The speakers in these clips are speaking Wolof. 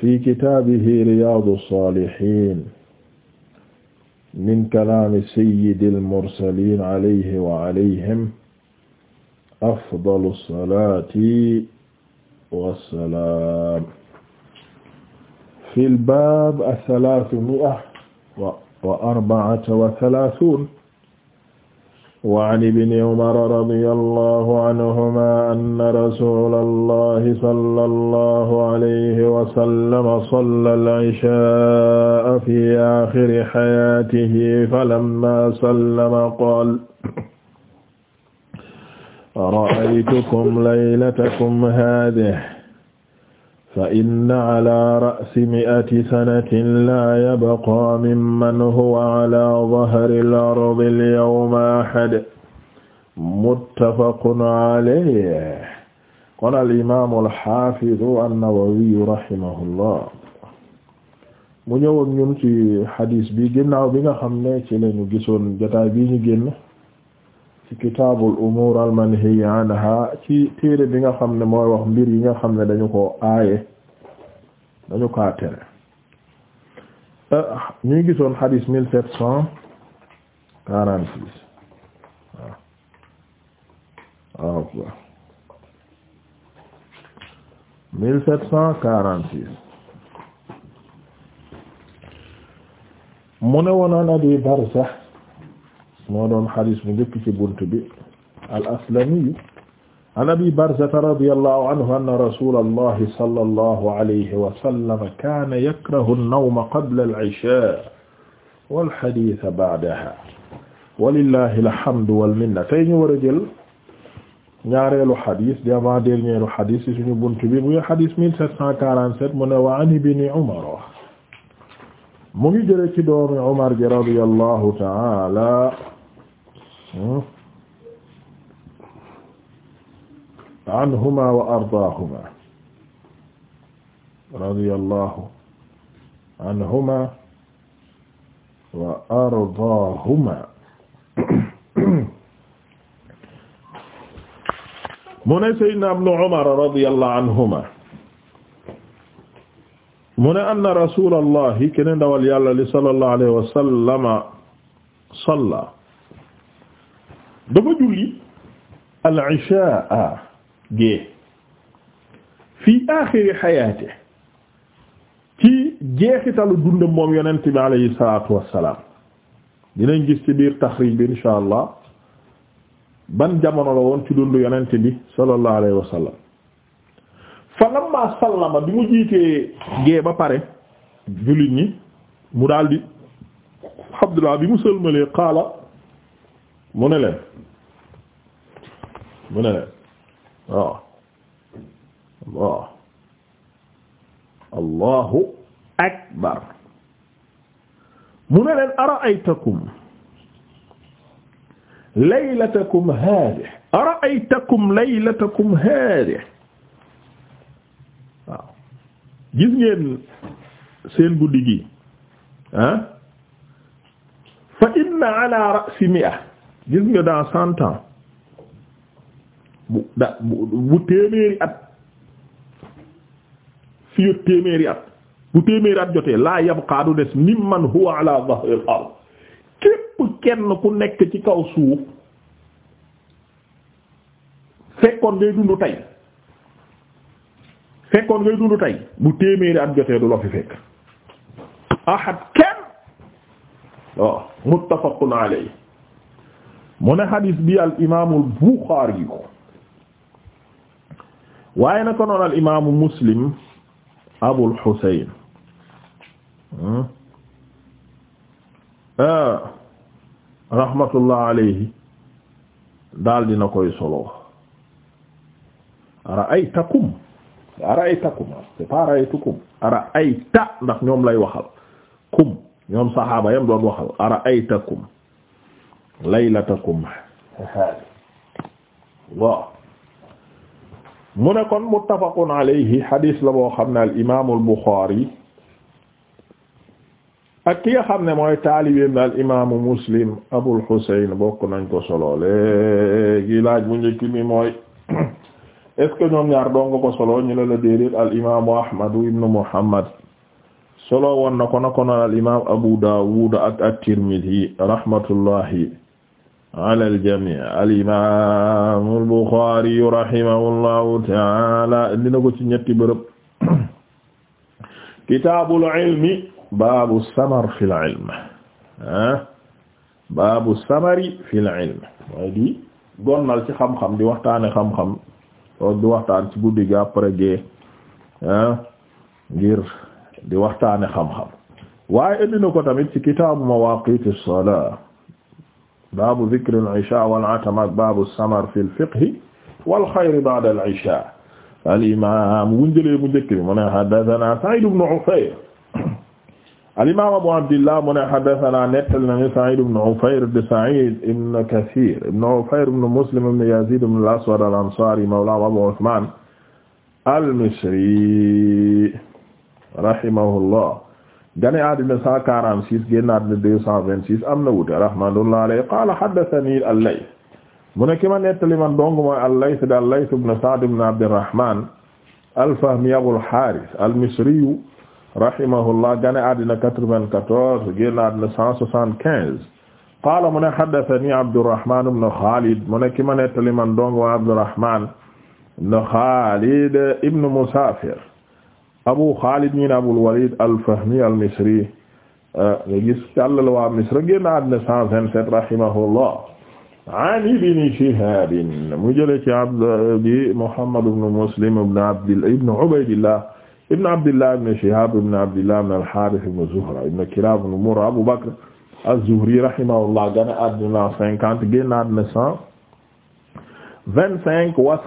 fi kitaabihi riyaadu saalihiin min kalaami sayyidil mursaliin alayhi wa alayhim afdalu salaati wa salaam. fil baab asalaasu mi'a wa arba'ata wa salaasuun وعن ابن عمر رضي الله عنهما أن رسول الله صلى الله عليه وسلم صلى العشاء في آخر حياته فلما سلم قال رأيتكم ليلتكم هذه fa inna ala ra'si mi'ati sanatin la yabqa mimman huwa ala dhahri al-ardi al-yawma ahad muttafaqun alayhi qaala al-imaam al-haafiz an-nawawi rahimahullah mu ñëw ak ñun ci hadis bi ginnaaw bi nga xam ne ci lañu gisoon jotaay bi ñu génn ci kitaabul umuur al manhiyyi ci téere bi nga xam ne mooy wax mbir yi nga xam ne dañu ko aaye dañu kaa tere ñuy gisoon xadiis mille sept cent quarante six waaw mu ne woon an Abi Barza moo doon xadis bu njëkk ci bunt bi al-Aslami an Abi Barzata radiyallahu anhu anna rasulallahi sallallahu alayhi wa sallam kaana yakrahu an-nawma qabla al-ishaa wal hadiisa ba'dahaa walillahi alhamdu wal minna tey ñu war a jël ñaareelu xadis di avant dernier xadis ci suñu bunt bi muy xadis 1747 mu ne wa an ibni Umar mu ngi jële ci doomi Umar ji radiyallahu ta'ala Hmm? anhuma wa ardaahuma radiyallahu anhuma wa ardaahuma mu ne Seydina Ibnu Umar radiyallahu anhuma mu ne anna rasuulallahi keneen dawal yàlla li sallallahu alayhi wa sallama salla dafa julli al-ishaa gée fii aaxiri xayaate ci jeexitalu dundam moom yonent bi alayhi salaatu wassalaam dinañ gis ci biir taxriij bi insha allah ban jamono la woon ci dundu yonent bi sallallahu alayhi wa sallam fa lamma sallama bi mu jiitee gée ba pare jullit ñi mu daldi Abdullah bi mu sëlmalee qaala mu ne leen mu ne leen waaw waaw allahu akbar mu ne leen ara'aytakum laylatakum haadihi ara'aytakum laylatakum haadihi waaw gis ngeen seen guddi gi ah fa inna ala ra'si mi'a gis nga dans cent bu da bu téeméeri at fi téeméeri at bu téeméeri at jotee laa yabqa du des mimman huwa ala dhahril ard képp kenn ku nekk ci kaw suuf fekkoon ngay dund tey fekkoon ngay dund tey bu téeméeri at jotee du la fi fekk ahad kenn waaw muttafaqun alayhi mu ne xadis bi al imaamu Buxaari yu waaye na ko noon al imaamu Muslim Abul Husayn hmm? eh, rahmatullah alayhi daal dina koy solo ara'aytakum ara'aytakum c'est pas ara'aytukum ara'ayta ndax ñoom lay waxal kum ñoom saxaaba yam doon waxal ara'aytakum laylatakum waaw mu ne kon muttafaqun alayhi hadis la boo xam ne al imaamul Buxaari ki nga xam ne mooy taalibeem na al imaamu Muslim Abul Husayn bokk nañ ko solo léegi laaj mu njëkk mi mooy est ñaar doon ko solo ñu ne la déedéet al imaamu Ahmadu ibnu Muhammad solo woon na ko na Abu Daawud ak at rahmatullahi ala aljami alimamu alboxariyu rahimahullahu taala dina ko ci ñetti bërëb kitaabul ilmi baabu samar fi l ilm ah baabu fi l gonnal ci xam-xam di waxtaane xam-xam toog di waxtaan ci guddi gi après gee ah di waxtaane xam-xam waaye indi na tamit ci kitaabu mawaaqiiti salaa baabu dhikri al-isha wal atam ak baabu samar fi al-fiqhi wal khayri ba'da al-isha al-imam bu njëlee bu njëkk bi mu ne haddathana Sa'id ibn Ufayr al-imam Abu Abdillah mu ne haddathana nettal nañu Sa'id ibn Ufayr de Sa'id ibn Kathir ibn Ufayr ibn Muslim ibn Yazid ibn al-Aswad al-Ansari mawla Abu Uthman al-Misri rahimahullah gane addina cent quarante six génn addina deux cent vingt six am na wute rahmatullah alayhi qala haddathani al-Layth mu ne ki ma nettali man dong mooy al-Layth da al-Layth ibn Sa'd ibn Abdirrahman al-Fahmi Abul Harith al-Misri rahimahullah gane addina quatre-vingt-quatorze génn addina cent soixante-quinze qala mu ne haddathani Abdurrahman ibn Khalid mu ne ki ma nettali man dong mooy Abdurrahman ibn Khalid ibn Musafir abu xaalid ñu ne abul walid al fahmi al misri nga gis càll la waa misra génn àddina cent vingt-sept rahimahullah an ibni shihab mu jële ci abd bi muhammad ibn muslim ibn abd ibn ubaydillah ibn abdillah ibn shihab ibn abdillah ibn al-harith ibn zuhra ibn kilab ibn murra abu bakr az-zuhri rahimahullah génn àddina cinquante génn àddina cent vingt-cinq wa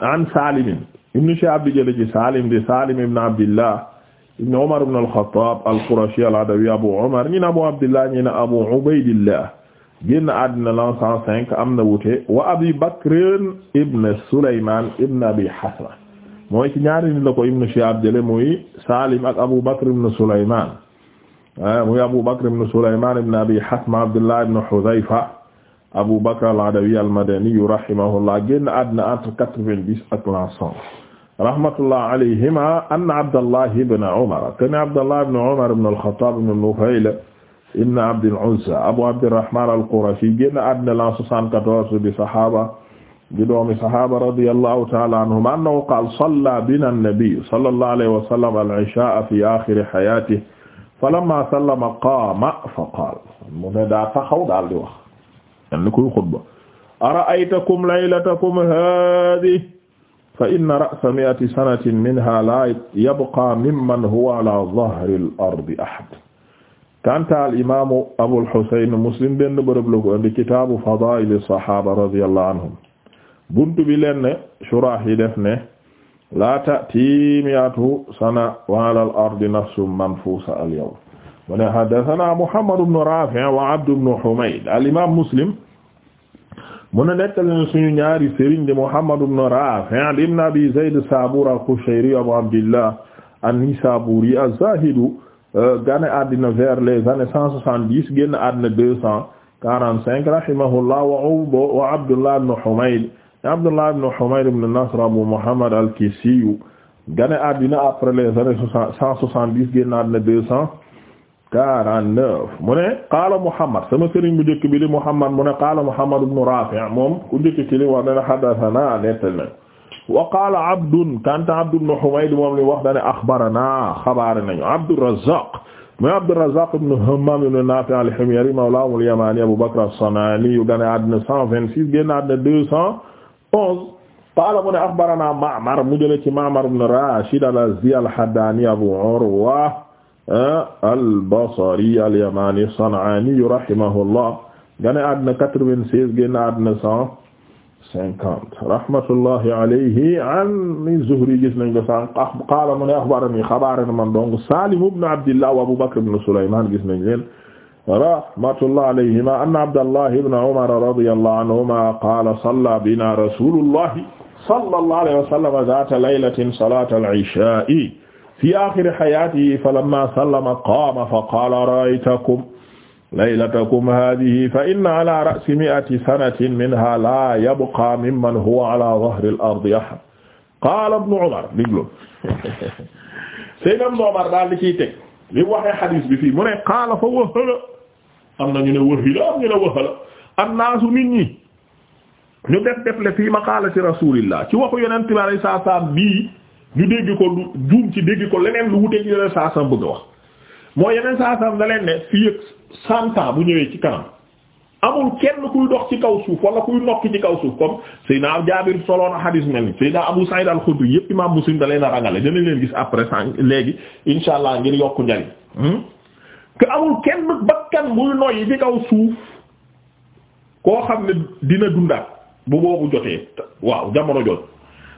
an salim ibn Shihab di jële ci Salim di Salim ibn Abdillah ibn Umar ibn al-Khattab al-Qurashi al-Adawi Abu Umar ñi ne Abu Abdillah ñi ne Abu Ubaydillah génn àddina l'an cent cinq am na wute wa Abi Bakr ibn Sulayman ibn Abi Hasma mooy ci ñaari nit la ko ibn Shihab jële muy Salim ak Abu Bakr ibn Sulayman eh, muy Abu Bakr ibn Sulayman ibn Abi Hasma Abdullah ibn Hudhayfa Abu Bakr al-Adawi al-Madani rahimahullah génn àddina entre quatre-vingt-dix ak l'an cent rahmatullah alayhima anna Abdallah ibn Umar kana Abdallah ibn Umar ibn al-Khattab ibn Nufayl ibn Abd al-Uzza Abu Abdirrahman al-Qurashi génn àddina la 74 di saxaaba di doomi saxaaba radiyallahu ta'ala anhum annahu qaala salla bina an-nabi sallallahu alayhi wa sallam al-isha fi akhir hayatihi falamma sallama qaama fa qaala mu ne daa taxaw daal di wax. yàlla na koy xutba ara'aytakum laylatakum haadhihi fa inna ra'sa mi'ati sanatin minha la yabqa mimman huwa ala dhahri al-ardi ahad kanta al-imaamu Abul Husayn Muslim benn bërëb la ko indi kitaabu fadaa'ili sahaaba radiyallahu anhum buntu bi leen ne shuraax yi def ne la ta'ti mi'atu sana wa ala al-ardi nafsun manfuusa al-yawm wa haddathanaa Muhammad ibn Raafi' wa Abd ibn Humayd al-imaam Muslim mu ne nettali na suñu ñaari sëriñ de Muhammad ibn Rafi' ibn Abi Zayd Sabur Abu Abdillah an-Nisaburi az-Zahid euh, gane àddina vers les années cent soixante-dix génn àddina deux cent quarante-cinq rahimahullah wa Abdullah ibn Humayd Abdullah ibn Humayd ibn Nasr Abu Muhammad al gane àddina après les années cent soixante deux cent 49 mu ne qaala Muhammad sama sëriñ bu njëkk bi di Muhammad mu ne qaala Muhammad ibn Rafi' moom ku njëkk ci li wax dana haddathana nettal na wa qaala Abdun kanta Abd ibn Humayd moom li wax dane akhbarana xabaare nañu Abdurrazzaq mu Abdurrazzaq ibn Hammam ibn Nafi' al-Himyari mawlahum al-Yamani Abu Bakr as-San'ani yu gane àddina 126 génn àddina 211 qaala mu ne akhbarana Ma'mar mu jële ci Ma'mar ibn Rashid al-Azdi al-Haddani Abu Urwa Ah, al-Basri al-Yamani as-San'ani rahimahullah gane àddina quatre-vingt-seize génn àddina cent cinquante rahmatullahi alayhi an Zuhri gis nañ ko sànq ah, qaala mu ne axbarani xabaarana man donc Salim ibn Abdillah wa Abu Bakr ibn Sulayman gis nañ leen rahmatullahi alayhima anna Abdallah ibn Umar radiyallahu anhuma qaala salla bina rasulullahi sallallahu alayhi wa sallam zaata laylatin salaata al-ishaa'i fi aaxiri xayaatihi falammaa sallama qaama fa qaala ra'aytakum laylatakum haadihi fa inna alaa ra'si mi'ati sanatin minhaa laa yabqaa mimman huwa alaa zahril ardi ahad qaala ibnu Umar diglu Seydina Ibnu Umar daal di ciy teg li waxee xadiis bi fii mu ne qaala fa wahala am na ñu ne wahila am ñu ne wahala annaasu nit ñi ñu def def le fii maqaalati rasuulillah ci waxu Yonent bi alayhi salaam bii ñu dégg ko lu juum ci dégg ko leneen lu wuteeg yeneen saasam bëgg wax moo yeneen saasam da leen ne fii ak cent ans bu ñëwee ci kanam amul kenn kuy dox ci kaw suuf wala kuy nokki ci kaw suuf comme naa Jaabir soloon a xadis mel ni Seydina Abu Saïd al-Xudri yépp imaam Muslim da leen a rangale dinañ leen gis après sànq léegi insha allah ngir yokk njariñ hmm? que amul kenn bakkan buy noyyi ci kaw suuf koo xam ne dina dundaat bu boobu jotee waaw jamono jot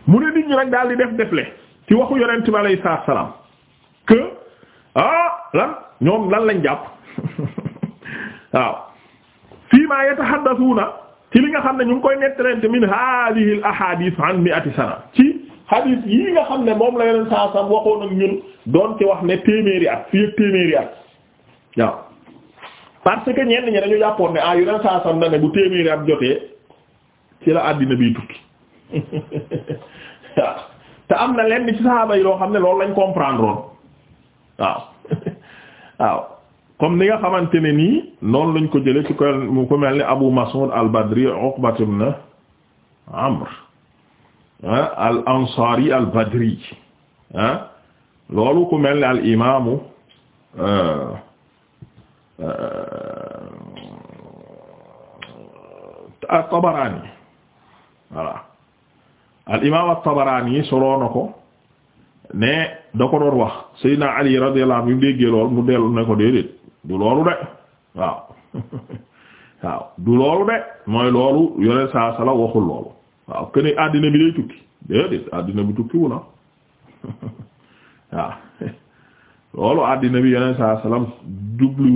mu ne nit ñi rek daal di def defle ci waxu yonent bi alayhi salaam que ah lan ñoom lan lañ jàpp waaw fii ma na ci li nga xam ne ñu ngi koy nettalante min haadihi al ahadith an mi'ati sana ci hadith yi nga xam ne moom la yonent saa salaam waxoon ak ñun doon ci wax ne téeméeri at fii ak téeméeri at waaw parce que ñenn ñi dañu jàppoon ne ah yonent saa na ne bu téeméeri at jotee ci la àddina bi tukki te am na lenn ci saxaaba yi loo xam ne loolu lañ comprendre woon waaw waaw comme ni nga xamante ne nii noonu lañ ko jële ci ko mel ni Abu Mas'ud al-Badri Uqbat ibn Amr ah, al-Ansari badri ah loolu ku mel ni al imaamu at-Tabarani ah, ah, al imaam at-Tabarani soloo na ko ne da ko doon wax Seydina Ali radiyallahu anhu bi mu déggee lool ne ko déedéet du loolu de waaw du loolu de mooy loolu yoneen saa sala waxul loolu waaw que ni àddina bi day tukki déedéet àddina bi tukkiwu na waaw loolu àddina bi yoneen saa salaam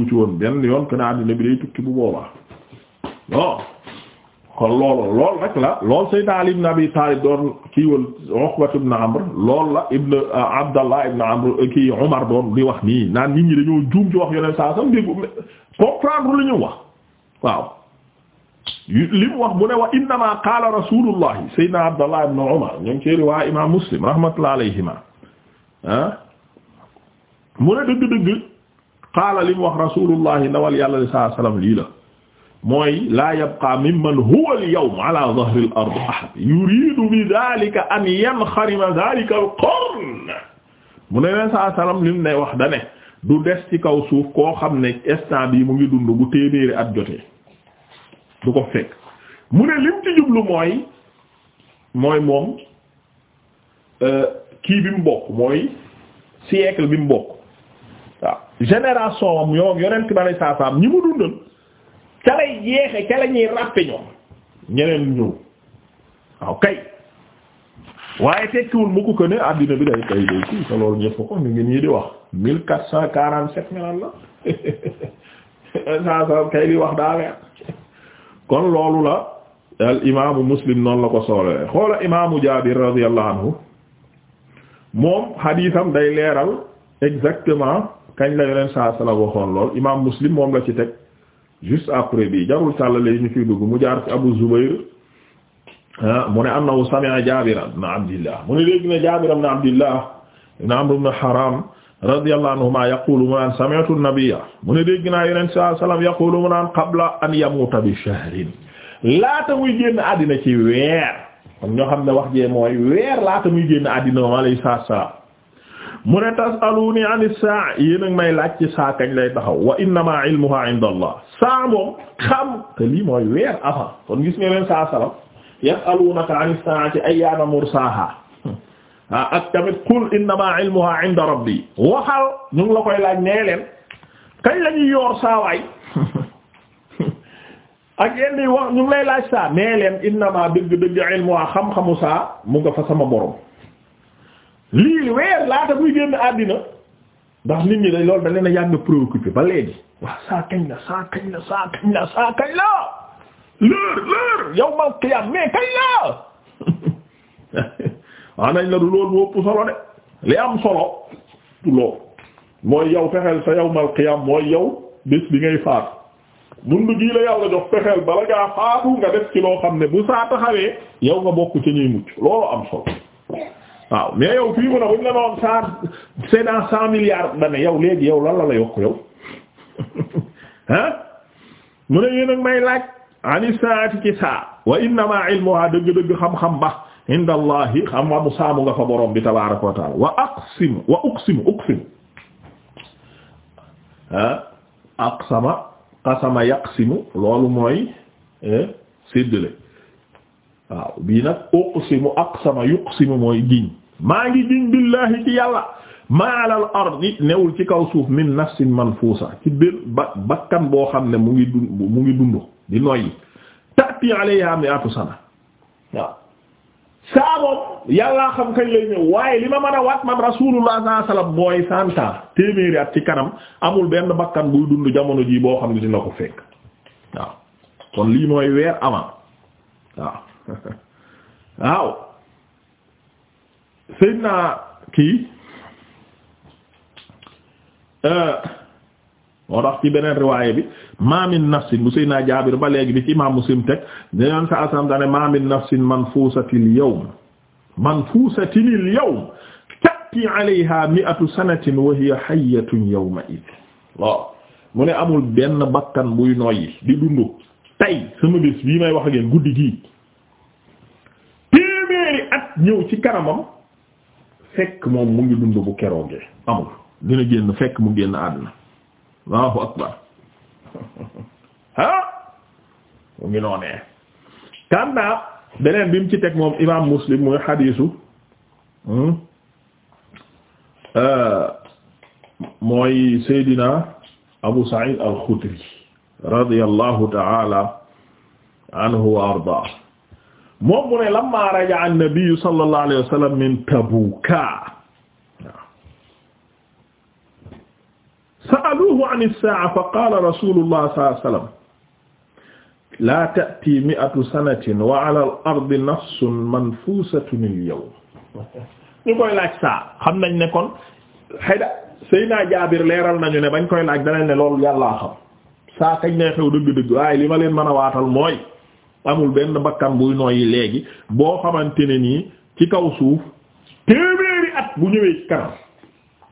ci woon benn yoon que ne àddina day tukki bu boobaa kon loolu loolu rek la loolu Seydina Ali ibn Abi Talib doon kiiwal Uqbat ibn Amr loolu la ibn euh, Abdallah ibn Amr kii Umar doon di wax nii naan nit ñi dañoo juum ci wax yeneen saa sam dégg comprendre lu ñu wax waaw li mu wax mu ne wa innama qaala rasulullahi Seydina Abdallah ibn Umar ñu ngi ci riwaa imam Muslim rahmatullah alayhima ah mu ne dëgg-dëgg qaala li mu wax rasulullahi ndawal yàlla sallallahu alayhi wasallam lii la mooy laa yabqa mimman huwa al-yawm ala dhahri ard ahad yuridu bi dhalika an yanxarima dhalika al-qarn mu ne leen saa salaam li mu ne wax da ne du des ci kaw suuf koo xam ne instant yi mu ngi dund bu téeméeri at jotee du ko fekk mu ne lim ci jublu mooy mooy moom euh, kii bi mu bokk mooy siècle bi mu bokk génération am yow yonent bi alayhi salaam ñi mu dundal. ca lay yeexe ca la ñuy ñoom ñeneen ñëw waaw ah, kay waaye tekkiwul mu ko ko ne addina bi day tay day kii sa loolu ñëpp ko ñu ngi nii di wax mille quatre cent quarante sept nganaan la sa kay di wax daa kon loolu la al imaamu muslim noonu la ko soolee xoola imaamu jaabir radiyallahu anhu moom xadiisam day leeral exactement kañ la yoneen saa sala waxoon lool imaam muslim moom la ci teg juste après bi jarul càllale yi ñu fiy dugg mu jaar ci Abu Zubayr ah, mu ne annahu sami'a Jaabir ibn Abdillah mu ne dégg na Jaabir ibn Abdillah ibn Amr ibn Haram radiyallahu anhuma yaqulu mu naan sami'tu an-nabiyya mu ne dégg naa Yonent sallallahu alayhi wasallam yaqulu mu naan qabla an yamuuta bi shahrin laata muy génn àddina ci weer kon ñoo xam ne wax jee mooy weer laata muy génn àddina moom alayhi salaam mu ne tasaluni an as-saa yéen a laaj ci saa kañ lay taxaw wa innama ilmuha inda allah saa moom xam te lii mooy weer avant kon gis saa salam yasalunaka an as-saa'ati mursaaha ah ak tamit qul innama ilmuha inda rabbi waxal ñu ngi la koy laaj nee leen kañ la ñuy yoor saawaay ak yenn wax ñu ngi lay laaj saa nee leen innama dëgg dëgg ilmuha xam saa mu nga fa sama borom lii weer laata muy génn àddina ndax nit ñi dañ loolu da leen a yàgg préoccupé ba léegi waaw saa kañ la saa kañ la saa kañ la saa kañ la l'heure l'heure yow mal qiyam mais kañ la waa nañ la du loolu mu ëpp solo de li am solo du loolu mooy yow fexeel sa yow mal qiyam mooy yow bés bi ngay faatu mundu gii la yàlla jox fexeel bala ngaa faatu nga def ci loo xam ne bu saa taxawee yow nga bokk ci ñuy mucc loolu am solo waaw mais yow fii mu ne buñ la noon cent c'est dans cent milliards dane yow léegi yow lan la la yokk yow ah mu ne yéen a may laaj ani saati ci saa wa innama ilmuha dëgg-dëgg xam-xam ba inda saamu nga fa borom bi tabaraka wa taala wa aqsimu wa uqsimu loolu mooy eh, séddale waaw bii nag uqsimu aqsama yuqsimu mooy giñ maa ngi giñ billahi ci yàlla maa ala ardi newul ci kaw suuf min nafsin manfuusa ci biir bakkan boo xam ne mu ngi dund mu ngi dund di noyyi tati alayha mi'atu sana waaw saa moom yàllaa xam kañ lay ñëw waaye li ma mën a waat man rasulullah sallallahu alayhi mooy santa téeméeri at ci kanam amul benn bakkan buy dund jamono jii boo xam ne dina ko fekk waaw kon lii mooy weer avant waaw waaw Seydina kii euh, moo tax ci beneen riwaaye bi maamin nafsin bu Seydina Jaabir ba léegi bi ci imaam Muslim teg dañoon sa asam dane maamin nafsin manfuusatil yawm manfuusatil yawm tati alayha mi'atu sanatin wa hiya hayyatun yawma idh waaw mu ne amul benn bakkan buy noyyi di dund tey sama bés bii may wax ak yéen guddi gii ñëw ci kanamam fekk moom mu ngi dund bu keroogee amul dina génn fekk mu génn àdduna Allahu akbar ah mu ngi noonee kandaa beneen bi mu ci teg moom imaam Muslim mooy xadiisu hmm? euh, mooy Seydina Abu Sa'id al-Khudri radiyallahu ta'ala anhu wa ardaa moom mu ne lamma raja'a an-nabi sallallahu alayhi wa sallam min Tabuka sa'aluhu 'an as-sa'a fa qala rasulullah sallallahu alayhi wa sallam la ta'ti mi'atu sanatin wa 'ala al-ardi nafsun manfusatun al-yawm ñu koy laaj saa xam nañ ne kon xayda Seydina Jaabir leeral nañu ne bañ koy laaj danañ ne loolu yàllaa xam saa kañ ne xew dëgg-dëgg waaye li ma leen mën a waatal mooy amul benn bakkan buy noyyi léegi boo xamante ne nii ci kaw suuf téeméeri at bu ñëwee kanam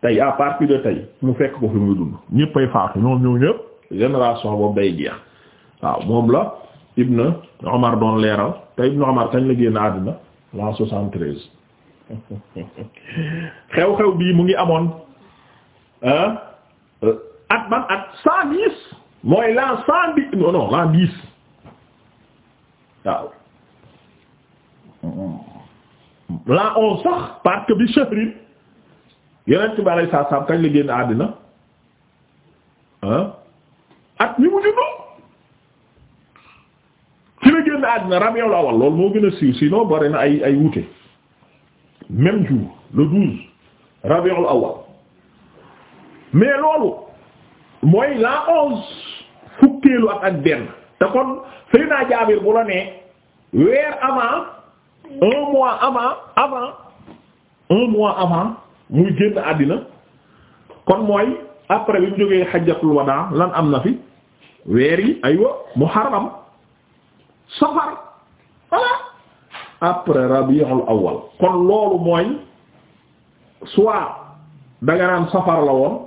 tey à partir de tey mu fekk ko fi muy dund ñëppay faatu ñoom ñoo ñëpp génération boobu day jeex waaw moom la Ibn Omar doon leeral te Ibn Omar kañ la génn àdduna l'an soixante-treize xew-xew bii mu ngi amoon euh, at ban at cent dix mooy l'an cent dix non non dix waaw la on sax parce que bi shahrin yeneen bi alay saa saam kañ la génn àddina ah at mi mu juddoo la génn àddina rabiul awal loolu moo gën a siiw sinon bari na ay ay wuute même jour le douze rabiul awal mais loolu mooy la onze fukkeelu ak ak benn te kon Seydina Jaabir bu la nee weer avant un mois avant avant un mois avant muy génn àddina kon mooy après bi jógee xajjatul wadaa lan am na fi weer yi aywa muharram safar voilà après rabiul awal kon loolu mooy soit danga naan safar la woon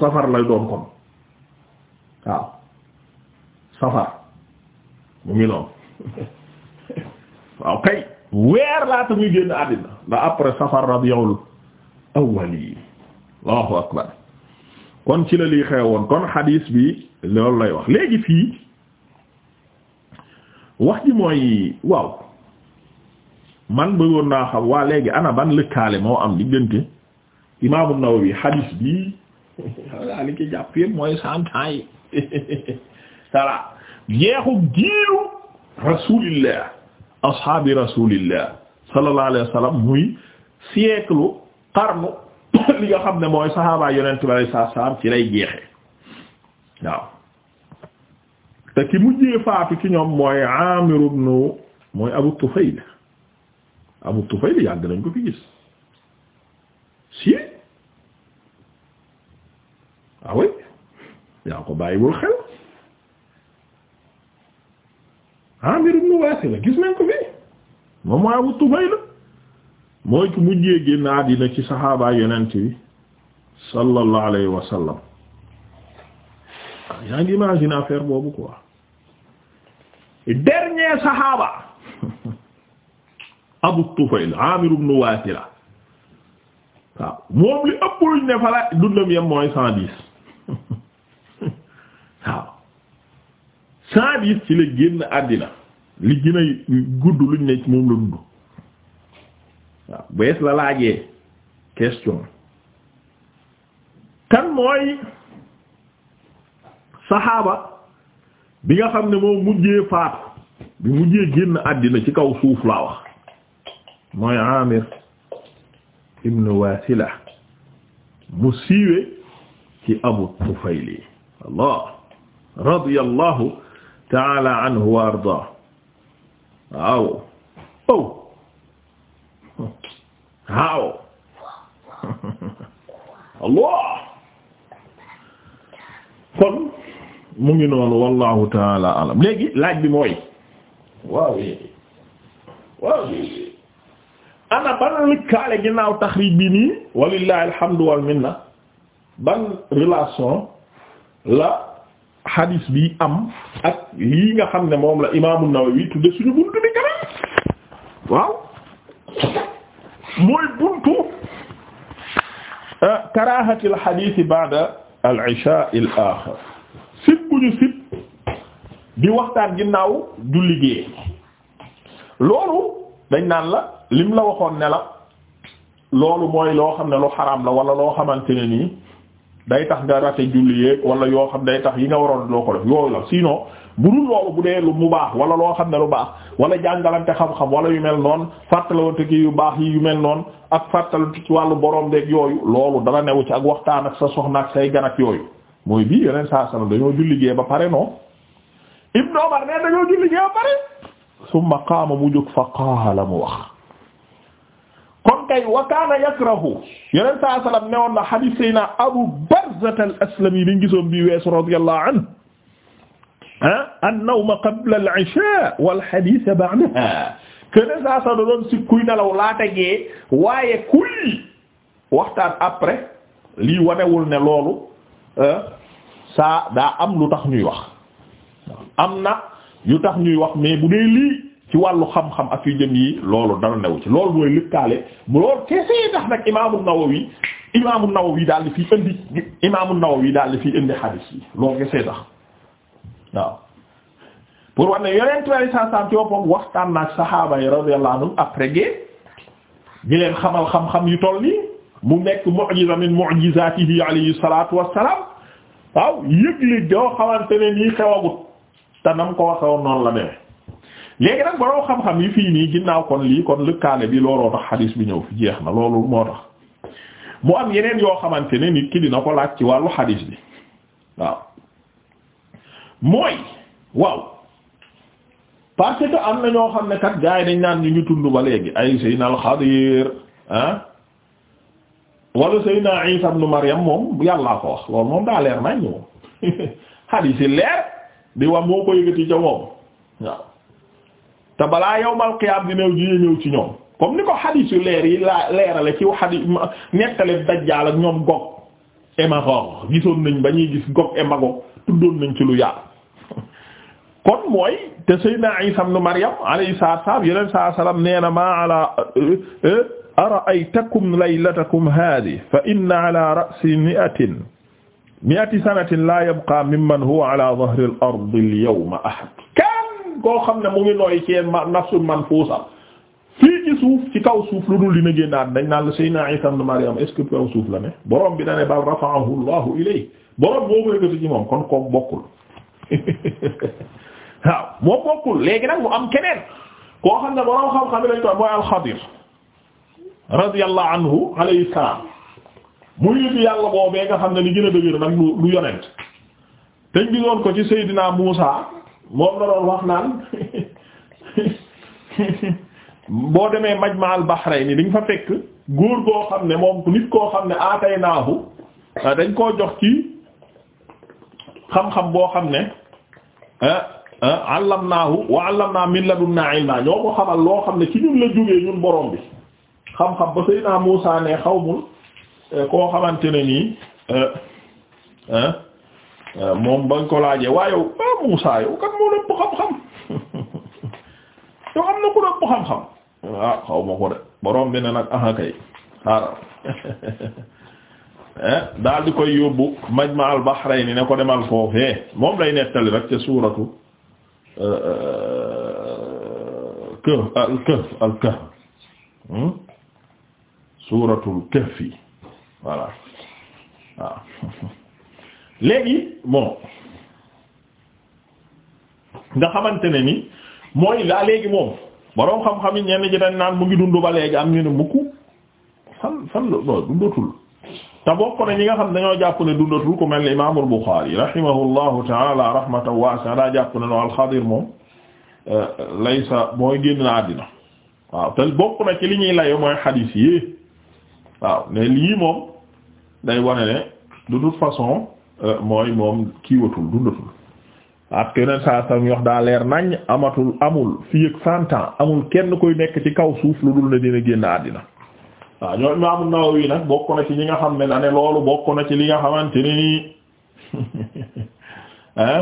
safar lay doon kon waaw safar mu ngi noonu waaw kay weer laata muy génn àddina ndax après safar rabiul awwal yi allahu akbar kon ci la lii xewoon kon xadiis bi loolu lay wax léegi fii wax ji mooy waaw man bëggoon naa xam waa léegi ana ban lëkkaale moo am diggante imaamu Nawawi xadiis bi li ci jàpp yëpp mooy santaay sala yeexu giiru rasulillah ashaabi rasulillah sallallahu alayhi wa qarnu li nga xam ne mooy saxaabaay yonent bi alayhi salaam ci lay jeexe waaw te ki mujjee faatu ci ñoom mooy Aamir ibn mooy Abu Tufayl Abu Tufayl yàgg nañ ko fi gis si waaw ah yaa Amir ibn Wasila gis nañ ko fi moom mooy Abu Tufayl mooy ki mujjee génn àddina ci saxaaba yonent bi sallallahu alayhi wa sallam yaa ngi imagine affaire boobu quoi dernier saxaaba Abu Tufayl Amir ibn Wasila moom li ëpp luñ ne fa la dundam yem mooy cent dix cent dix ci la génn àddina li gën a gudd luñ ne ci la dund waaw bees la laajee question kan mooy saxaaba bi nga xam ne moo mujjee faatu bi mujjee génn àddina ci kaw suuf laa wax mooy Amir ibn Wasila mu siiwe ci Abu Tufayli Allah taala anhu wa ardaa waaw ow oh. waaw allah kon mu ngi noonu wallahu taala alam léegi laaj bi mooy waaw waaw ana ban lëkkaale ginnaaw taxrib bi nii walillahi alhamdu wal minna relation la hadis bi am ak lii nga xam ne moom la imaamu Nawawi tudde suñu buntu bi kanam waaw mooy buntu euh, karaahatil hadis ba'da al-isha al-akhir sib di waxtaan ginnaaw julli liggéey loolu dañ naan la lim la waxoon ne la loolu mooy loo xam ne lu xaraam la wala loo xamante ne nii day tax nga rate julli yeeg wala yoo xam day tax yi nga waroon loo ko def yooyu la sinon bu dul loolu bu dee lu mu baax wala loo xam ne lu baax wala jàngalante xam-xam wala yu mel noon fàttalawante ki yu baax yi yu mel noon ak fàttalante ci wàllu borom beeg yooyu loolu dara newu ci ak waxtaan ak sa soxna ak say gan ak yooyu mooy bii yeneen saa sala dañoo julli gee ba pare non Ibn Omar ne dañoo julli gee ba pare summa qaama mu jóg fa qaala mu wax kon kay wa kaana yakrahu yeneen saa salaam newoon na hadith sayna Abu Barzata al-Aslami bi we gisoon bii weesu radiyallahu anhu ah, an-nawma qabla al-isha wal-hadith ba'daha keneen saa sa doon si kuy nelaw laata gee waaye après lii wanewul ne loolu ah, saa am lu tax ñuy wax am na yu tax wax mais bu dee lii. ci wàllu xam-xam ak yu yi loolu dara new ci loolu mooy lëkkaale bu loolu keesee tax nag imaamu Nawawi imaamu Nawawi daal di fi indi imaamu Nawawi daal di fi indi xadiis yi loolu keesee tax waaw pour wax ne yeneen twenty saa saam ci boppam waxtaan naa saxaaba yi radiyallahu anhum après gee ñu leen xamal xam-xam yu toll nii mu nekk mu'jiza min mu'jizatihi alayhi salaatu wassalaam waaw yëgle doo xamante ne nii xewagut te nam ko waxewoon noonu la demee léegi nag borom xam-xam yi fii nii ginnaaw kon lii kon lëkkaale bi looloo tax xadiis bi ñëw fi jeex na loolu moo tax mu am yeneen yoo xamante ne nit ki dina ko laaj ci wàllu xadiis bi waaw mooy waaw parce que am na ñoo xam ne kat gars yi dañ naan ñu ngi tund ba léegi ay Seydina al ah wala Seydina Isa ibn Maryam moom yàllaa ko wax loolu moom daa leer nañ xadiis yi leer di wax moo ko yëgati ca moom waaw te balaa yawmal qiyaam dina ñëw ci ñoom comme ni ko xadiis yu leer leerale ci xadiis nettale dajjaal ak ñoom Gog et Magog gisoon nañ ba ñuy gis Gog et Magog tuddoon nañ ci lu yaatu kon mooy te Seydina Isa ibn Maryam alayhi salaam yeneen saa salaam nee na maa ala eh, eh, ara'aytakum laylatakum haadihi fa inna ala ra'si mi'atin mi'ati sanatin laa yabqaa mimman huwa ala dhahri al al-yawma ahad koo xam ne mu ngi nooy ci nafsul manfuusa fii ci suuf ci kaw suuf lu dul dina génnaat dañ naan la Seydina Isa ibn Maryam est-ce que kaw suuf la ne borom bi da ne bal rafa'ahu Allahu ilayhi borom boo ko yëkkati ci moom kon kooku bokkul waaw moo bokkul léegi nag mu am keneen koo xam ne borom xam-xam lañ ko mooy al-Xadir anhu alayhi salaam muy yëngu yàlla boobee nga xam ne li gën a dëgër nag lu lu yonent te ñu gisoon ko ci Seydina Muusa moom la doon wax naan boo demee majma al bahrayni dañ fa fekk góor goo xam ne moom nit koo xam ne aataynaahu ah, dañ koo jox ci xam-xam boo xam ne ah, ah, allamnaahu wa allamnaa min ladunnaa ilmaa ñoo ko xamal loo xam ne ci ñun la jógee ñun borom bi xam-xam ba Seydina Muusaa ne xawmul eh, koo xamante ne nii eh, eh, Euh, moom bañ ko laajee waaye yow ah Moussa yow kat moo ëpp xam-xam yow am na ku xam-xam ah xaw ma ko de borom bi ne nag ah kay xaaral eh, daal di koy yóbbu Majma al-Bahrayni ne ko demal foofee moom lay nettali rek ca suuratu euh, euh, Kahf al-Kahf al-Kahf hmm? suuratul Kahf voilà waaw. Ah. léegi bon nga xamante ne ni mooy laa léegi moom boroom xam-xam yi ñeen ji dañ naan mu ngi dund ba léegi am ñu ne mukk fan fan la dundatul te bokk na ñi nga xam dañoo jàpp ne dundatul ku mel ne imaamul Buxaari rahimahullahu taala rahmatan waasi'a daa jàpp ne noo alxadir moom euh, laysa mooy génn na àddina waaw te bokk na ci li ñuy lay mooy xadiis yi waaw ne lii moom day wane ne de toute façon Euh, mooy moom kiiwatul dundatul parce que yeneen saa sam daa leer nañ amatul amul fii ak cent amul kenn koy nekk ci kaw suuf lu dul ne dina génn àddina waaw ñoo Imaam An-Nawawi nag bokk na ci ñi nga xam ne na loolu bokk ci li nga xamante ne nii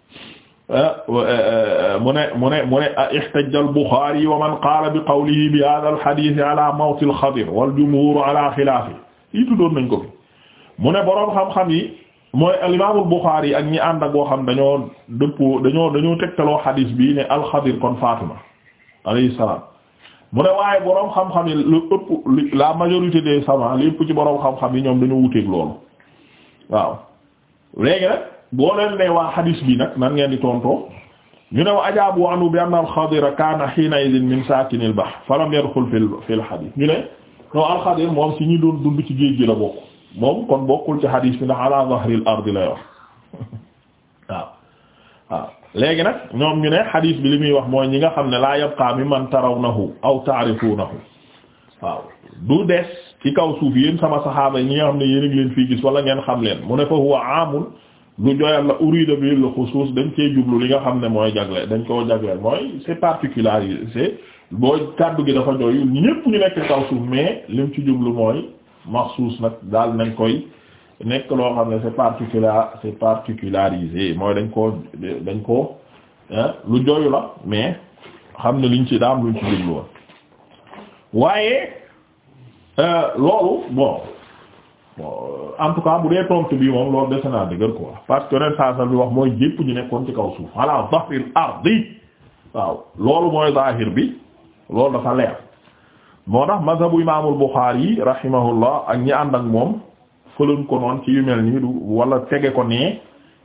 euh, euh, mu ne mu ne mu ne ihtajja al-Bukhari wa man qaala bi qawlihi bi hadha al-hadith ala mawt al-Khadir wal jumhur ala xilaafi yi tuddoon nañ ko fi mu ne boroom xam-xam yi mooy al imaamul Buxaari ak ñi ànd ak boo xam dañoo dëppoo dañoo dañoo tegtaloo xadiis bii ne alxadir kon Faatuma alayhi salaam mu ne waaye boroom xam-xam yi lu ëpp la majorité des savants li ëpp ci boroom xam-xam yi ñoom dañoo wuteeg loolu waaw léegi nag boo leen ne waa xadiis bii nag nan ngeen di tontoo ñu ne wa ajaabu anhu bi anna alxadira kaana hiina idin min saakinil bahr falam yadxul fil fil xadiis ñu ne non alxadir moom si ñi doon dund ci géej gi la bokk moom kon bokkul ci xadiis bi ndax ala zahril ardi la yor waaw waaw léegi nag ñoom ñu ne xadiis bi li muy wax mooy ñi nga xam ne laa yabqa mi man tarawnahu aw taarifunahu waaw du des ci kaw suuf yéen sama saxaaba yi ñi nga xam ne yéen a ngi leen fii gis wala ngeen xam leen mu ne fa huwa amul lu joyal la urida bi lu xusuus dañ cee jublu li nga xam ne mooy jagle dañ koo jagleel mooy c'est particularisé boo kàddu gi dafa joyu ñépp ñu nekk kaw suuf mais lim ci jublu mooy maxsuus nag daal nañ koy nekk loo xam ne c'est particulier c'est particularisé mooy dañ ko dañ ko lu joyu la mais xam ne liñ ci daam luñ ci déglu woon waaye euh, loolu bon en tout bu dee tontu bi moom loolu dese naa dëgër quoi parce que ren saa bi wax mooy jépp ñu nekkoon ci kaw suuf ala zahril ardi waaw loolu mooy zahir bi loolu dafa leer. moo tax mazhabu imaamul Buxaari rahimahullah ak ñi ànd ak moom fëlan ko noon ci yu nii du wala tege ko nee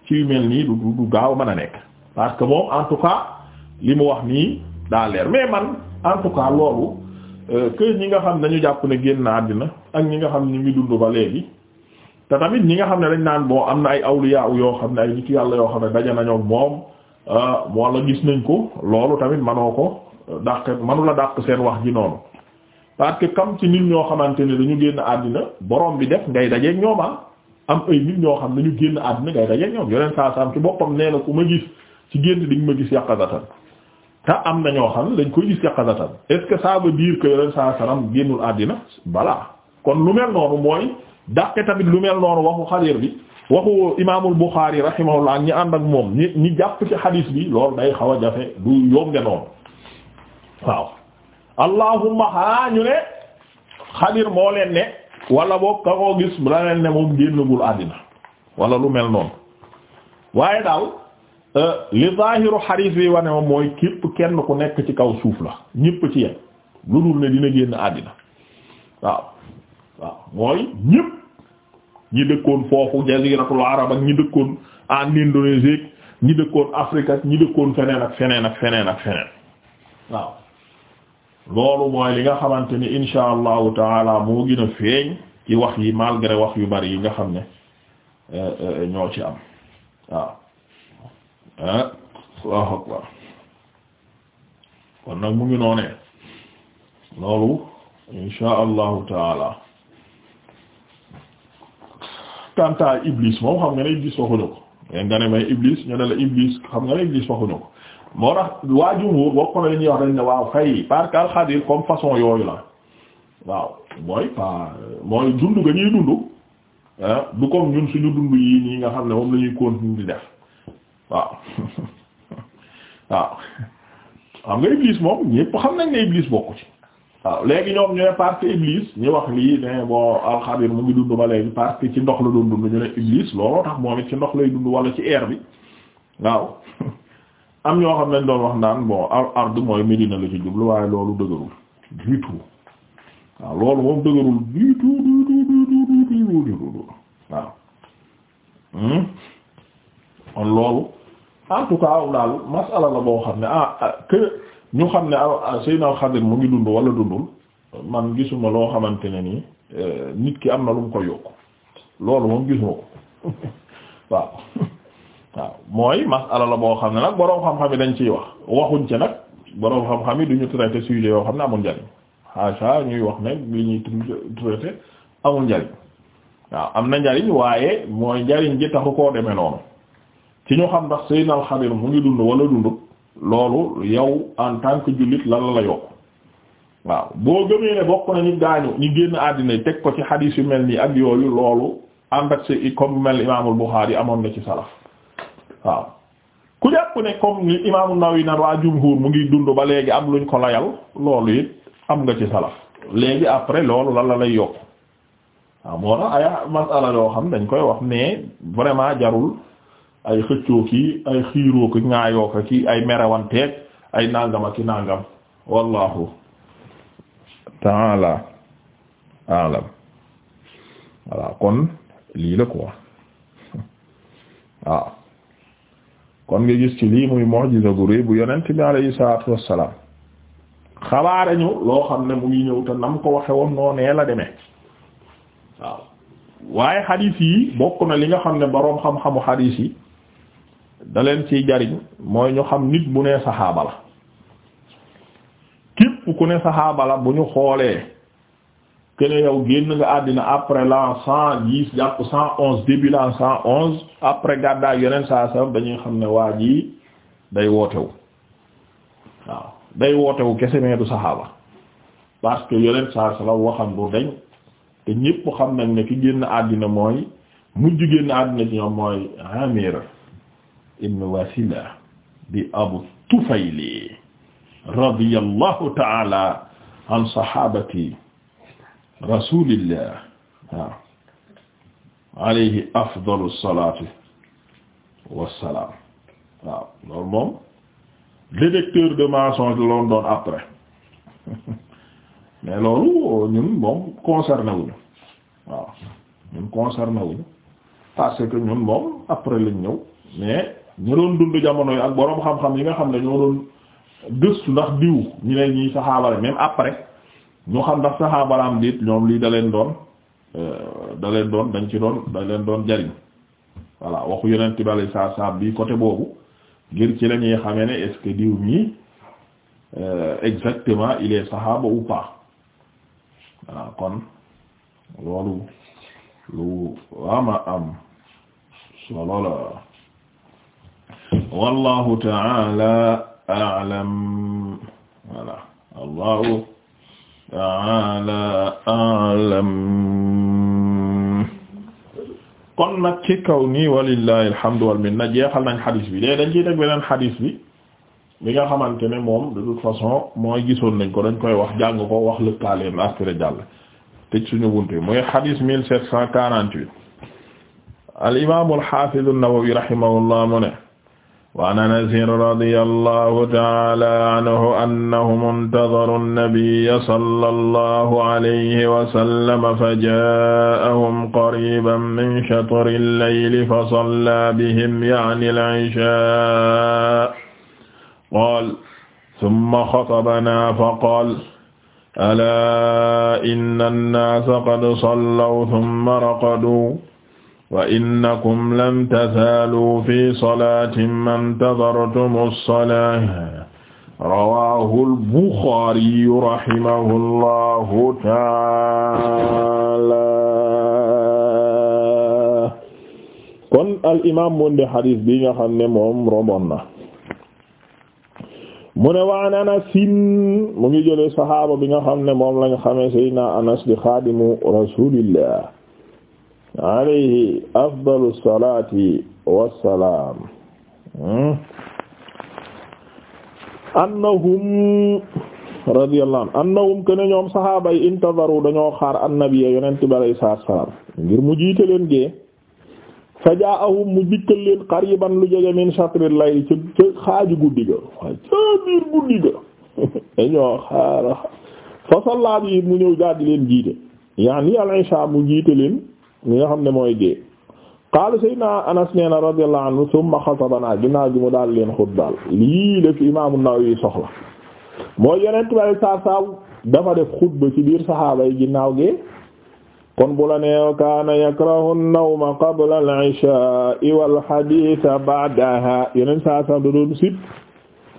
ci yu mel nii du du gaaw mën a nekk parce que moom en tout cas li mu wax nii daa leer mais man en tout cas loolu euh, que ñi nga xam dañu jàpp ne génn na àddina ak ñi nga xam ñu ngi dund ba léegi te tamit ñi nga xam ne dañ naan bon am na ay awliya yoo xam ne ay nitu yàlla yoo xam ne daje nañoo moom euh, wala gis nañ ko loolu tamit manoo ko dàq manu la dàq seen wax ji noonu parce que comme ci nit ñoo xamante ne dañu génn àddina borom bi def ngay dajeeg ñoom ah. am nit ñoo xam ne ñu génn àddina ngay dajeeg ñoom yeneen saa saam ci boppam nee na ku ma gis ci génn di ñu ma gis yaqazatan te am na ñoo xam ne dañ koy gis yaqazatan est-ce que ça veut dire que yeneen saa saam génnul àddina voilà kon lu mel noonu mooy dàqe tamit lu mel noonu waxu xarir bi waxu imaamul Bukhari rahimahullah ñi ànd ak moom ñi ñi jàpp ci hadis bi lool day xaw a jafe du yombe noonu waaw. allahumma xaa ñu ne xadir moo leen ne wala boobu ka koo gis la leen ne moom génnagul àddina wala lu mel noonu waaye daal euh, li zahiru xaris bi wane moom mooy képp kenn ku nekk ci kaw suuf la ñépp ci yem lu dul ne dina génn àddina waaw waaw mooy ñëpp ñi dëkkoon foofu jaziratul arab ak ñi dëkkoon en Indonésie ñi dëkkoon Afrique ñi dëkkoon feneen ak feneen ak feneen ak feneen waaw loolu mooy li nga xamante ni insha allahu taala moo gën a feeñ ci wax yi malgré wax yu bari yi nga xam ne euh, euh, ñoo ci am waaw ah Allahu akbar kon nag mu ngi noonee loolu insha allahu taala kanta iblis moom xam nga ne iblis waxuñu ko nga ne may iblis ñu ne la iblis xam nga ne iblis waxuñu ko moo tax waa jumhur bokk na li waaw fay parce que alxadir comme façon yooyu la waaw mooy pa mooy dund ga ñuy dund du comme ñun suñu dund yi nii nga xam ne moom la ñuy continuer di def waaw waaw xam nga iblis moom ñépp xam nañ ne iblis bokku ci waaw léegi ñoom ñu ne parce que ñu wax lii ne bon alxadir mu ngi dund ba léegi parce ci ndox la doon dund ñu ne iblis looloo tax moom it ci ndox lay dund wala ci air bi waaw am ñoo xam ne doon wax naan bon ard mooy Médina la ci jublu waaye loolu dëgërul du tout waaw loolu moom dëgërul du tout du tout du tout waaw hmm? kon loolu en tout cas daal masala la boo xam ne ah, ah que ñu xam ne ah, ah Seydina Xadir mu ngi dund wala dundul man gisuma loo xamante ne nii euh, nit ki am na lu mu ko yokk loolu moom gisuma ko waaw waaw mooy masala la boo xam ne nag boroom xam-xam yi dañ ciy wax waxuñ ci nag boroom xam-xam yi duñu traité sujet yoo xam ne amul njariñ xaasa ñuy wax ne li ñuy traité amul njariñ waaw am na njariñ waaye mooy njariñ ji taxu koo demee noonu ci ñu xam ndax Sayyidina al-Xadir mu ngi dund wala dundut loolu yow en tant que jullit lan la la yokk waaw boo gëmee ne bokk na ñu gaañu ñu génn àddina teg ko ci xadiis yu mel nii ak yooyu loolu ànd ak sa comme mel Imaamul Buxaari amoon na ci salaf waaw ku jàpp ne comme li imaamu Nawawi naan waa jumhur mu ngi dund ba léegi am luñ ko layal loolu it am nga ci salaf léegi après loolu lan la lay yokk waaw moo tax masala yoo xam dañ koy wax mais vraiment jarul ay xëccoo ki ay xiiroo ki ŋaayoo ko ki ay merewanteeg ay nangama ki nangam wallahu ta'ala alam kon lii la quoi waaw kon nga gis ci lii muy mu'jiza bu rëy bu yonent bi alayhi salaatu wassalaam xabaare ñu loo xam ne mu ngi ñëw te nam ko waxe woon noonee la deme waaw waaye xadiis yi bokk na li nga xam ne boroom xam-xamu xadiis yi da ciy jariñ mooy ñu xam nit bu ne saxaaba la képp ku ne saxaaba la bu ñu xoolee kene yow génn nga àddina après l'an cent dix jàpp cent onze début l'an cent onze après gàddaay yeneen saa sam dañuy xam ne waa ji day wootewu waaw day wootewu kese mais du saxaaba parce que yeneen saa sallam waxam du dañ te ñépp xam nañ ne ki génn àddina mooy mujj génn àddina ci ñoom mooy Amir ibn Wasila di Abu Tufayli radiyallahu ta'ala an sahabati rasulillah waaw alayhi afdalu salatu wassalam waaw loolu moom détecteur de mensonge loon doon après mais loolu ñun moom concerné wuñu waaw ñun concerné wuñu parce que ñun moom après lañ ñëw mais ñu doon dund jamono yi ak boroom xam-xam yi nga xam ne ñoo doon gëstu ndax diw ñu ne ñuy saxaabale même après ñu xam ndax saxaaba la am ñoom lii da leen doon euh, da leen doon dañ ci doon da leen doon jariñ voilà waxu yeneen tibali saa saab bi côté boobu ngir ci la ñuy xamee ne est-ce que diw mi euh, exactement il saxaaba ou pas kon loolu lu ama am solo la wallahu ta'ala a'lam voilà allahu ta'ala a'lam kon nag ci kaw nii walillahi alhamdu wal minna jeexal nañ xadis bi léegi dañ ciy teg beneen xadis bi bi nga xamante ne moom de toute façon mooy gisoon nañ ko dañ koy wax jàng ko wax lëkkaaleem aspiré jàll tëj suñu buntu yi mooy xadis mille sept cent quarante-huit al imaam al xaafiz an-Nawawi rahimahullah mu ne وعن أنس رضي الله تعالى عنه أنه انتظر النبي صلى الله عليه وسلم فجاءهم قريبا من شطر الليل فصلى بهم يعني العشاء قال ثم خطبنا فقال ألا إن الناس قد صلوا ثم رقدوا wa innakum lan tazaalu fi salaatin ma intadartumu salaata rawaahul Buxaari rahimahullahu taala kon al imaam monde xadis bi nga xam ne moom romboon na mu ne wa an Anas mu ngi jëlee saxaaba bi nga xam ne moom lañ xamee Seydina Anas di xaadimu Rasuulillah alayhi afdalu salaati wassalaam annahum radiyallahu anhu annahum ke ne ñoom saxaaba yi intadaru dañoo xaar annabiya yonent bi alayhi salaatu salaam ngir mu jiite leen gee fa jaahum mu dikkal leen qariban lu jege min shatril layl ca ca xaaju guddi ga waaye ca biir guddi ga dañoo xaar fa sallaa bi mu ñëw jàddi leen jiite yaani al isha mu jiite leen li nga xam ne mooy dee qaala sayyidina anas nee na radiyallahu anhu summa xatabana ginnaaw gi mu daal leen xutbaal lii la fi imaam an-Nawawi soxla mooy yeneen tubaab yi saa saa dafa def xutba ci biir saxaaba yi ginnaaw gi kon bu la nee kaana yakrahu an-nawma qabla al-ishaa'i wal-hadiitha ba'daha yeneen saa saa da doon sit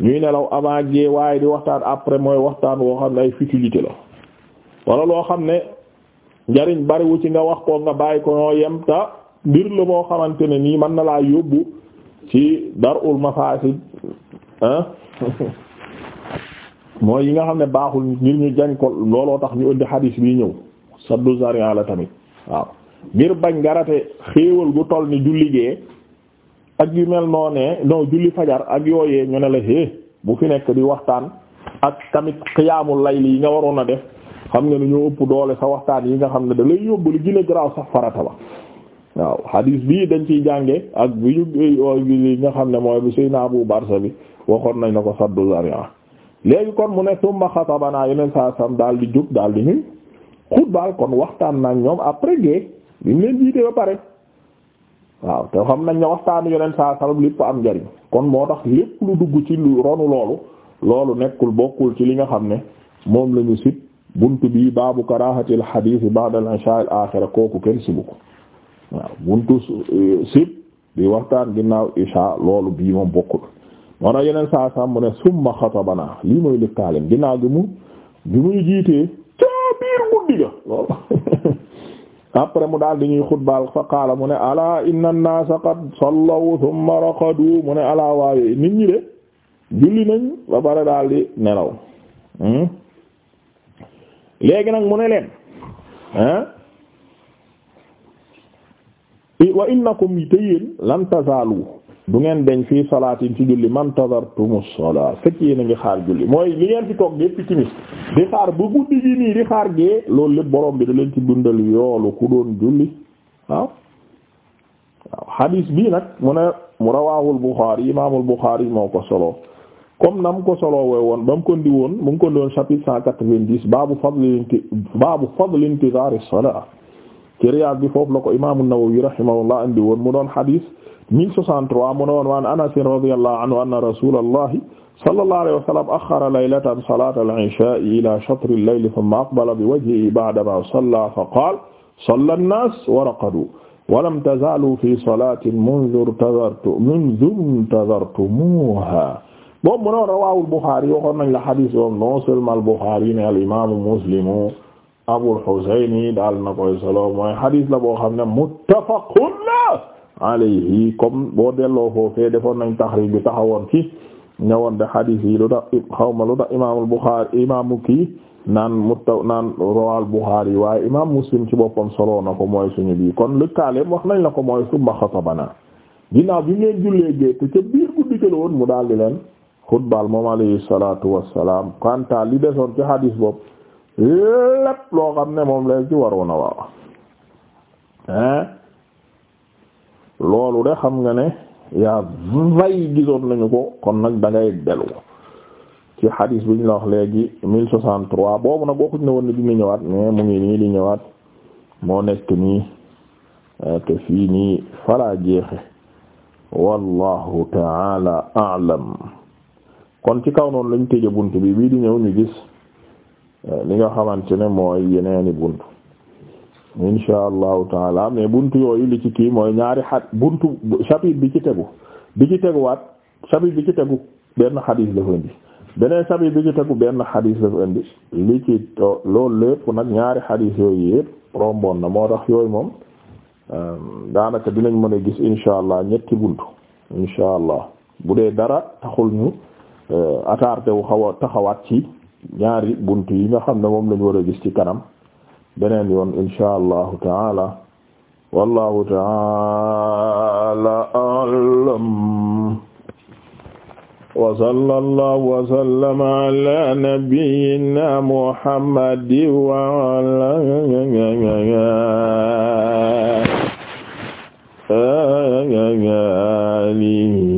ñuy nelaw avant gee waaye di waxtaan après mooy waxtaan woo xam ne ay futilité la wala loo xam ne. njariñ bariwu ci nga wax ko nga bàyyi ko ñoo yem mbir la moo xamante ne nii mën na laa yóbbu ci darul mafasid ah mooy yi nga xam ne baaxul ngir ñu jañ ko looloo tax ñu indi hadis bi ñëw saddu zari'a la tamit waaw ngir bañ garate xéewal gu toll ni julli gee ak yu mel noo ne non julli fajar ak yooyee ñu ne la hé bu fi nekk di waxtaan ak tamit xiyaamul layli yi nga waroon a def xam nga ne ñoo ëpp doole sa waxtaan yi nga xam ne da lay yóbbu li gën a garaaw sax farata ba waaw hadis bii dañ ciy jànge ak bi ñu nga xam ne mooy bu Seydina Abu Barza nañ na ko saddu zari'a léegi kon mu ne summa xatabanaa yeneen saa daal di jóg daal di ñuy kon waxtaan nañ ñoom après gée bi mu leen waaw te xam nañ ne waxtaanu yeneen saa sam lépp am njariñ kon moo tax lépp dugg ci lu ronu loolu loolu nekkul bokkul ci li nga xam ne moom lañu sit buntu bi baabu karahatil hadith ba'da al-isha al-akhira kooku kenn sibu ko waaw buntu sib di waxtaan ginnaaw isha loolu bii moom bokkul moo yeneen saa saa mu ne lii mooy lëkkaaleem ginnaaw gi mu bi muy jiitee biir guddi ga après mu daal di ñuy xutbaal fa qaala mu ne alaa inna an-naasa sallaw thumma raqadu mu alaa waaye nit ñi de nañ ba pare daal di nelaw hmm? léegi nag mu ne leen ah wa innakum te yéen lan tazaalu du ngeen deñ fii salaatin ci julli man tazartumu salaa fekk yéen a ngi xaar julli mooy li ngeen ci toog depuis timis di xaar ba guddi gi nii di xaar gee loolu lépp borom bi da leen ci dundal yoolu ku doon julli waaw waaw hadis bii nag mu ne mu rawaahul Buxaari imaamul Buxaari moo ko solo comme nam ko solowee woon ba mu ko ndi woon mu ngi ko doon chapitre cent quatre-vingt-dix baabu fadli baabu fadli intizaar as-salaa ci Riyaad bi foofu la ko imaamu Nawawi rahimahullah indi woon mu doon hadis mille soixante-trois mu ne woon waan Anas radiyallahu anhu anna rasuulallahi sallallahu alayhi wa sallam axxara laylatan salaata al-ishaa'i ilaa shatri al-layli thumma aqbala bi wajhihi ba'da maa sallaa fa qaala sallaa an-naas wa raqaduu wa lam tazaaluu fii salaatin mundu intazartumuuhaa boobu mu ne rawaawul Buxaari waxoon nañ la xadiis boobu non seulement al Buxaari ne al imaamu Muslimu Abul Xuseyni daal na koy solo mooy xadiis la boo xam ne muttafaqun alayhi comme boo delloo foofee defoon nañ taxriij bi taxawoon ci ñëwoon de xadiis yi lu tax xaw ma lu tax imaamul Buxaari imaamu kii naan mutta naan rawaal Buxaari waaye imaam Muslim ci boppam solo na ko mooy suñu bii kon lëkkaaleem wax nañ la ko mooy summa xatabanaa ginnaaw bi ñu jullee géej ca biir guddi ca la mu daal di leen. xutbal moom alayhi salaatu wassalaam kanta li desoon ci hadis boobu lépp loo xam ne moom leen ci waroon a waaw hein loolu de xam nga ne yaa vay gisoon nañu ko kon nag da ngay ci hadis bi ñu la wax léegi mille soixante-trois boobu nag boo xuj ne woon ne dina ñëwaat di ñëwaat moo nekk nii euh, te fii nii falaa jeexe wallahu taala aalam kon ci kaw noonu lañ tëje bunt bi bii di ñëw ñu gis euh, li nga xamante ne mooy yeneeni bunt insha allahu taala mais bunt yooyu li ci kii mooy ñaari xat bunt chapitre bi ci tegu bi ci teguwaat chapitre bi ci tegu benn xadiis la fa indi beneen chapitre bi ci tegu benn xadiis la fa indi li ci loolu lépp nag ñaari xadiis yooyu yëpp romboon na moo tax yooyu moom euh, daanaka dinañ mën a gis insha allah ñetti bunt insha allah bu dee dara taxul ñu Euh, attardé wu xaw ci ñaari buntu yi nga xam ne moom lañu war a gis ci kanam beneen yoon insha allahu taala wallahu taala alam wa sallallahu wa sallama ala nabiyyina muhammadin wa ala alihi